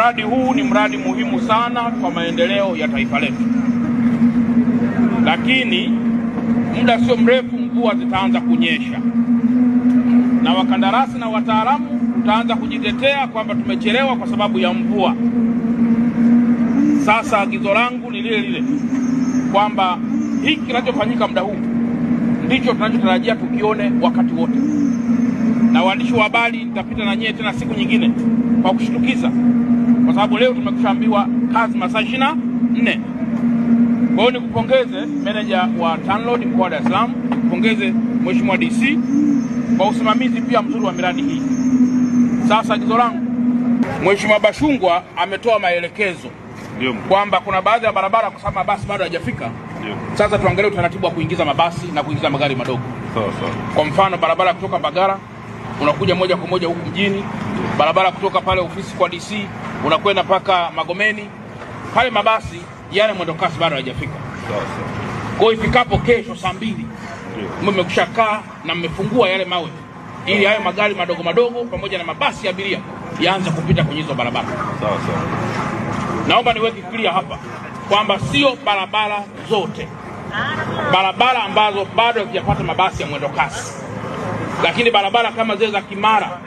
Mradi huu ni mradi muhimu sana kwa maendeleo ya taifa letu, lakini muda sio mrefu mvua zitaanza kunyesha na wakandarasi na wataalamu tutaanza kujitetea kwamba tumechelewa kwa sababu ya mvua. Sasa agizo langu ni lile lile kwamba hiki kinachofanyika muda huu ndicho tunachotarajia tukione wakati wote. Na waandishi wa habari, nitapita na nyie tena siku nyingine kwa kushtukiza kwa sababu leo tumekushaambiwa kazi masaa ishirini na nne. Kwa hiyo nikupongeze meneja wa TANROADS mkoa wa Dar es Salaam, nikupongeze mheshimiwa DC kwa usimamizi pia mzuri wa miradi hii. Sasa agizo langu, mheshimiwa Bashungwa ametoa maelekezo kwamba kuna baadhi ya barabara, kwa sababu mabasi bado hajafika. Sasa tuangalie utaratibu wa kuingiza mabasi na kuingiza magari madogo. Kwa mfano barabara kutoka Mbagala unakuja moja kwa moja huku mjini, barabara kutoka pale ofisi kwa DC unakwenda mpaka Magomeni pale, mabasi yale mwendokasi bado hayajafika. Kwa hiyo ifikapo kesho saa mbili mmekusha kaa na mmefungua yale mawe ili hayo magari madogo madogo pamoja na mabasi ya abiria yaanze kupita kwenye hizo barabara. Sawa sawa. Naomba niweke clear hapa kwamba sio barabara zote, barabara ambazo bado hazijapata mabasi ya mwendo kasi, lakini barabara kama zile za Kimara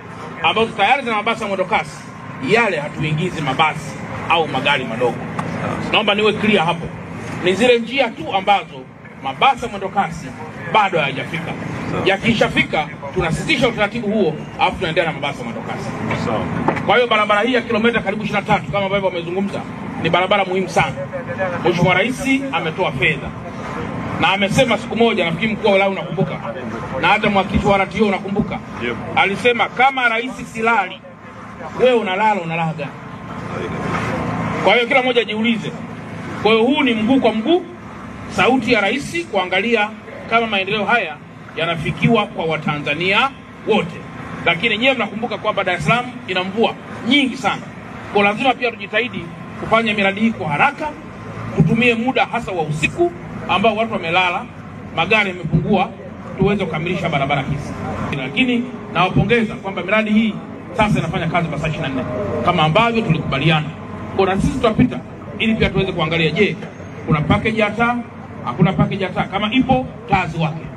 ambazo tayari zina mabasi ya mwendo kasi yale hatuingizi mabasi au magari madogo. Naomba niwe clear hapo, ni zile njia tu ambazo mabasi ya mwendokasi bado hayajafika. Yakishafika tunasitisha utaratibu huo, alafu tunaendelea na mabasi ya mwendokasi. Kwa hiyo barabara hii ya kilomita karibu 23 kama ambavyo wamezungumza ni barabara muhimu sana. Mheshimiwa Rais ametoa fedha na amesema siku moja, nafikiri mkuu wa wilaya unakumbuka, na hata mwakilishi wa RTO unakumbuka, alisema kama rais silali wewe unalala unalala gani? Kwa hiyo kila mmoja ajiulize. Kwa hiyo huu ni mguu kwa mguu, sauti ya rais kuangalia kama maendeleo haya yanafikiwa kwa Watanzania wote, lakini nyewe mnakumbuka kwamba Dar es Salaam ina mvua nyingi sana, kwa lazima pia tujitahidi kufanya miradi hii kwa haraka, tutumie muda hasa wa usiku ambao watu wamelala, magari yamepungua, tuweze kukamilisha barabara hizi. Lakini nawapongeza kwamba miradi hii sasa inafanya kazi masaa 24 kama ambavyo tulikubaliana. Na sisi tutapita ili pia tuweze kuangalia, je, kuna package ya taa? Hakuna package ya taa? Kama ipo taa ziwake.